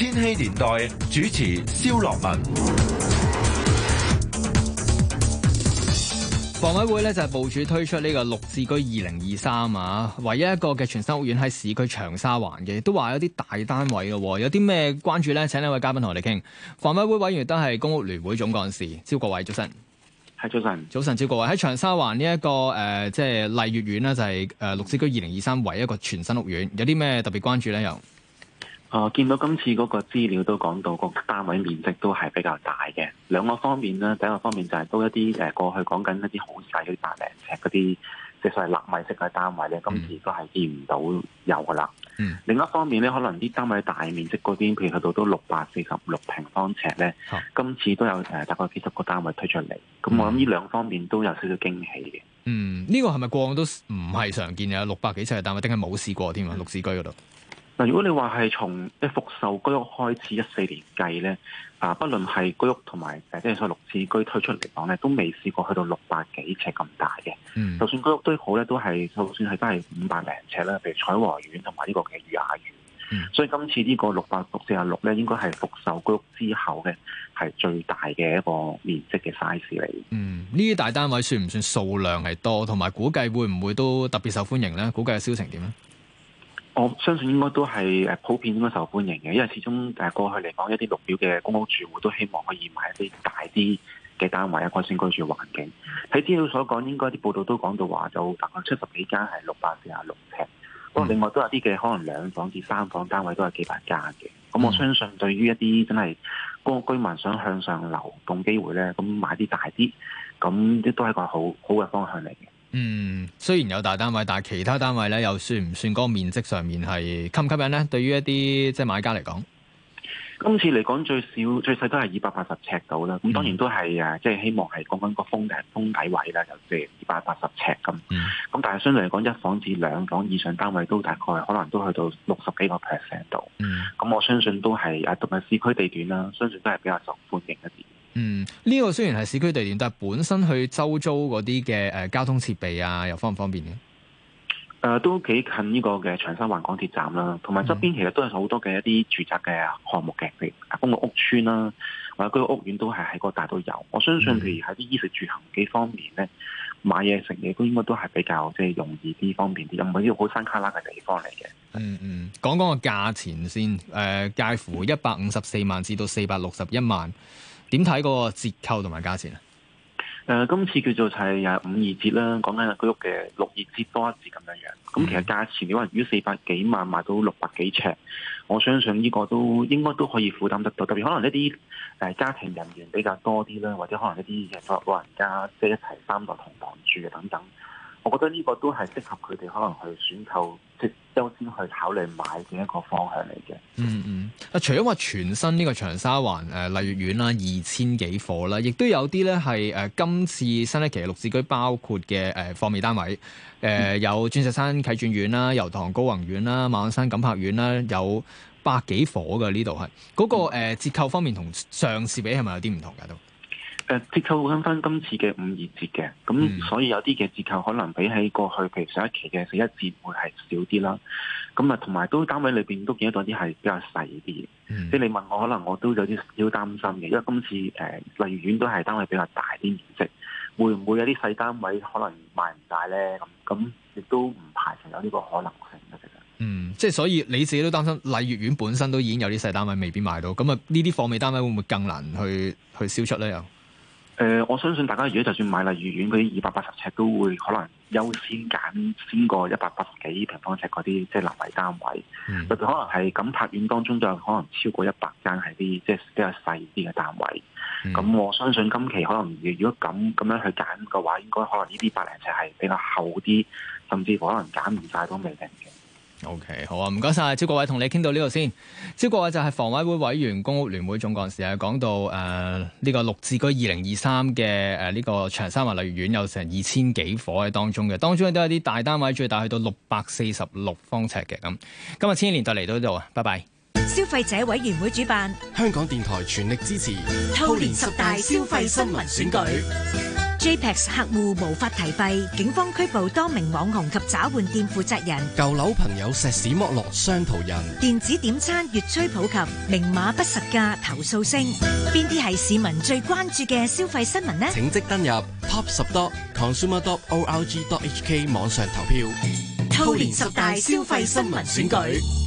千禧年代主持蕭樂文，房委會咧，就係部署推出呢個綠置居二零二三啊，唯一一個嘅全新屋苑喺市區長沙灣嘅，都話有啲大單位嘅，有啲咩關注咧？請兩位嘉賓同我哋傾。房委會委員都係公屋聯會總幹事招國偉早晨，係早晨，早晨，招國偉喺長沙灣呢一個誒，即係麗玥苑呢，就係誒綠置居二零二三，唯一一個全新屋苑，有啲咩特別關注咧？又？哦，見到今次嗰個資料都講到個單位面積都係比較大嘅，兩個方面呢，第一個方面就係都一啲誒過去講緊一啲好細嗰百零尺嗰啲，即係所謂納米式嘅單位呢、嗯、今次都係見唔到有噶啦。嗯、另一方面呢，可能啲單位大面積嗰邊，譬如去到都六百四十六平方尺呢，啊、今次都有大概幾十個單位推出嚟。咁、嗯、我諗呢兩方面都有少少驚喜嘅。嗯、呢、這個係咪過往都唔係常見嘅六百幾尺嘅單位，定係冇試過添啊？綠置居嗰度。嗯嗱，如果你話係從一復售居屋開始一四年計咧，啊，不論係居屋同埋誒即係所謂綠置居推出嚟講咧，都未試過去到六百幾尺咁大嘅。嗯，就居居居，就算居屋都好咧，都係就算係都係五百零尺啦，譬如彩禾苑同埋呢個嘅裕雅苑。嗯、所以今次呢個六百六四廿六咧，應該係復售居屋之後嘅係最大嘅一個面積嘅 size 嚟。嗯，呢啲大單位算唔算數量係多？同埋估計會唔會都特別受歡迎咧？估計嘅銷情點咧？我相信應該都係誒普遍應該受歡迎嘅，因為始終誒過去嚟講，一啲綠表嘅公屋住戶都希望可以買一啲大啲嘅單位，改善居住環境。喺資料所講，應該啲報道都講到話，就大概七十幾間係六百四十六尺。不過另外都有啲嘅可能兩房至三房單位都係幾百家嘅。咁我相信對於一啲真係公屋居民想向上流動機會呢，咁買啲大啲，咁亦都係一個好好嘅方向嚟嘅。嗯，雖然有大單位，但係其他單位咧又算唔算嗰個面積上面係吸唔吸引咧？對於一啲即係買家嚟講，今次嚟講最少最細都係二百八十尺度啦。咁、嗯、當然都係誒，即、就、係、是、希望係講緊個封頂封底位啦，就即係二百八十尺咁。咁、嗯、但係相對嚟講，一房至兩房以上單位都大概可能都去到六十幾個 percent 度。咁、嗯、我相信都係啊，同埋市區地段啦，相信都係比較受歡嗯、呢、這個雖然係市區地段，但係本身佢周遭嗰啲嘅誒交通設備啊，又方唔方便呢？誒、呃，都幾近呢個嘅長沙灣港鐵站啦，同埋側邊其實都有好多嘅一啲住宅嘅項目嘅，啲公屋邨啦、啊、或、啊、者居屋苑都係喺個大都有。我相信，譬如喺啲衣食住行幾方面咧，買嘢食嘢都應該都係比較即係容易啲，方便啲，又唔係一個好山卡拉嘅地方嚟嘅。嗯嗯，講講個價錢先，誒、呃、介乎一百五十四萬至到四百六十一萬。點睇嗰個折扣同埋價錢咧？誒、呃，今次叫做係五二折啦，講緊居屋嘅六二折多一折咁樣樣。咁其實價錢可能如果四百幾萬買到六百幾尺，我相信呢個都應該都可以負擔得到。特別可能一啲誒、呃、家庭人員比較多啲啦，或者可能一啲嘅老人家即係、就是、一齊三代同堂住嘅等等，我覺得呢個都係適合佢哋可能去選購即、就是都先去考慮買嘅一個方向嚟嘅。嗯嗯，啊，除咗話全新呢個長沙灣誒麗玥苑啦，二千幾伙啦，亦都有啲咧係誒今次新一期嘅綠置居包括嘅誒貨尾單位，誒、呃、有鑽石山啟鑽苑啦、油塘高宏苑啦、馬鞍山錦柏苑啦，有百幾伙嘅呢度係，嗰、那個誒、呃、折扣方面同上次比係咪有啲唔同噶都？誒折扣跟翻今次嘅五二折嘅，咁所以有啲嘅折扣可能比起過去譬如上一期嘅十一折會係少啲啦。咁啊，同埋都單位裏邊都見得到啲係比較細啲嘅，即係你問我，可能我都有啲少擔心嘅，因為今次誒麗玥苑都係單位比較大啲面積，會唔會有啲細單位可能賣唔晒咧？咁咁亦都唔排除有呢個可能性嘅，其實。嗯，即係、 嗯、所以你自己都擔心麗玥苑本身都已經有啲細單位未必賣到，咁啊呢啲貨尾單位會唔會更難去去銷出咧？又？誒、呃，我相信大家如果就算買麗玥苑嗰啲二百八十尺，都會可能優先揀先過一百八十幾平方尺嗰啲即係納米單位。或者、嗯、可能係錦柏苑當中就可能超過一百間係啲即係比較細啲嘅單位。咁、嗯、我相信今期可能如果咁咁樣，樣去揀嘅話，應該可能呢啲百零尺係比較厚啲，甚至乎可能揀唔晒都未定嘅。O.K. 好啊，唔該晒，招國偉同你傾到呢度先。招國偉就係房委會委員、公屋聯會總幹事啊，講到誒呢、呃這個綠置居二零二三嘅誒呢個長沙灣麗玥苑有成二千幾伙喺當中嘅，當中都有啲大單位，最大去到六百四十六方尺嘅咁。今日千年再嚟到呢度，啊，拜拜。消費者委員會主辦，香港電台全力支持，兔年十大消費新聞選舉。J P e X 客戶無法提費，警方拘捕多名網紅及找換店負責人。舊樓朋友石屎剝落傷途人。電子點餐越趨普及，明碼不實價投訴升。邊啲係市民最關注嘅消費新聞呢？請即登入 Top 十多 c o n s u m e o o r g h k 網上投票，兔年十大消費新聞選舉。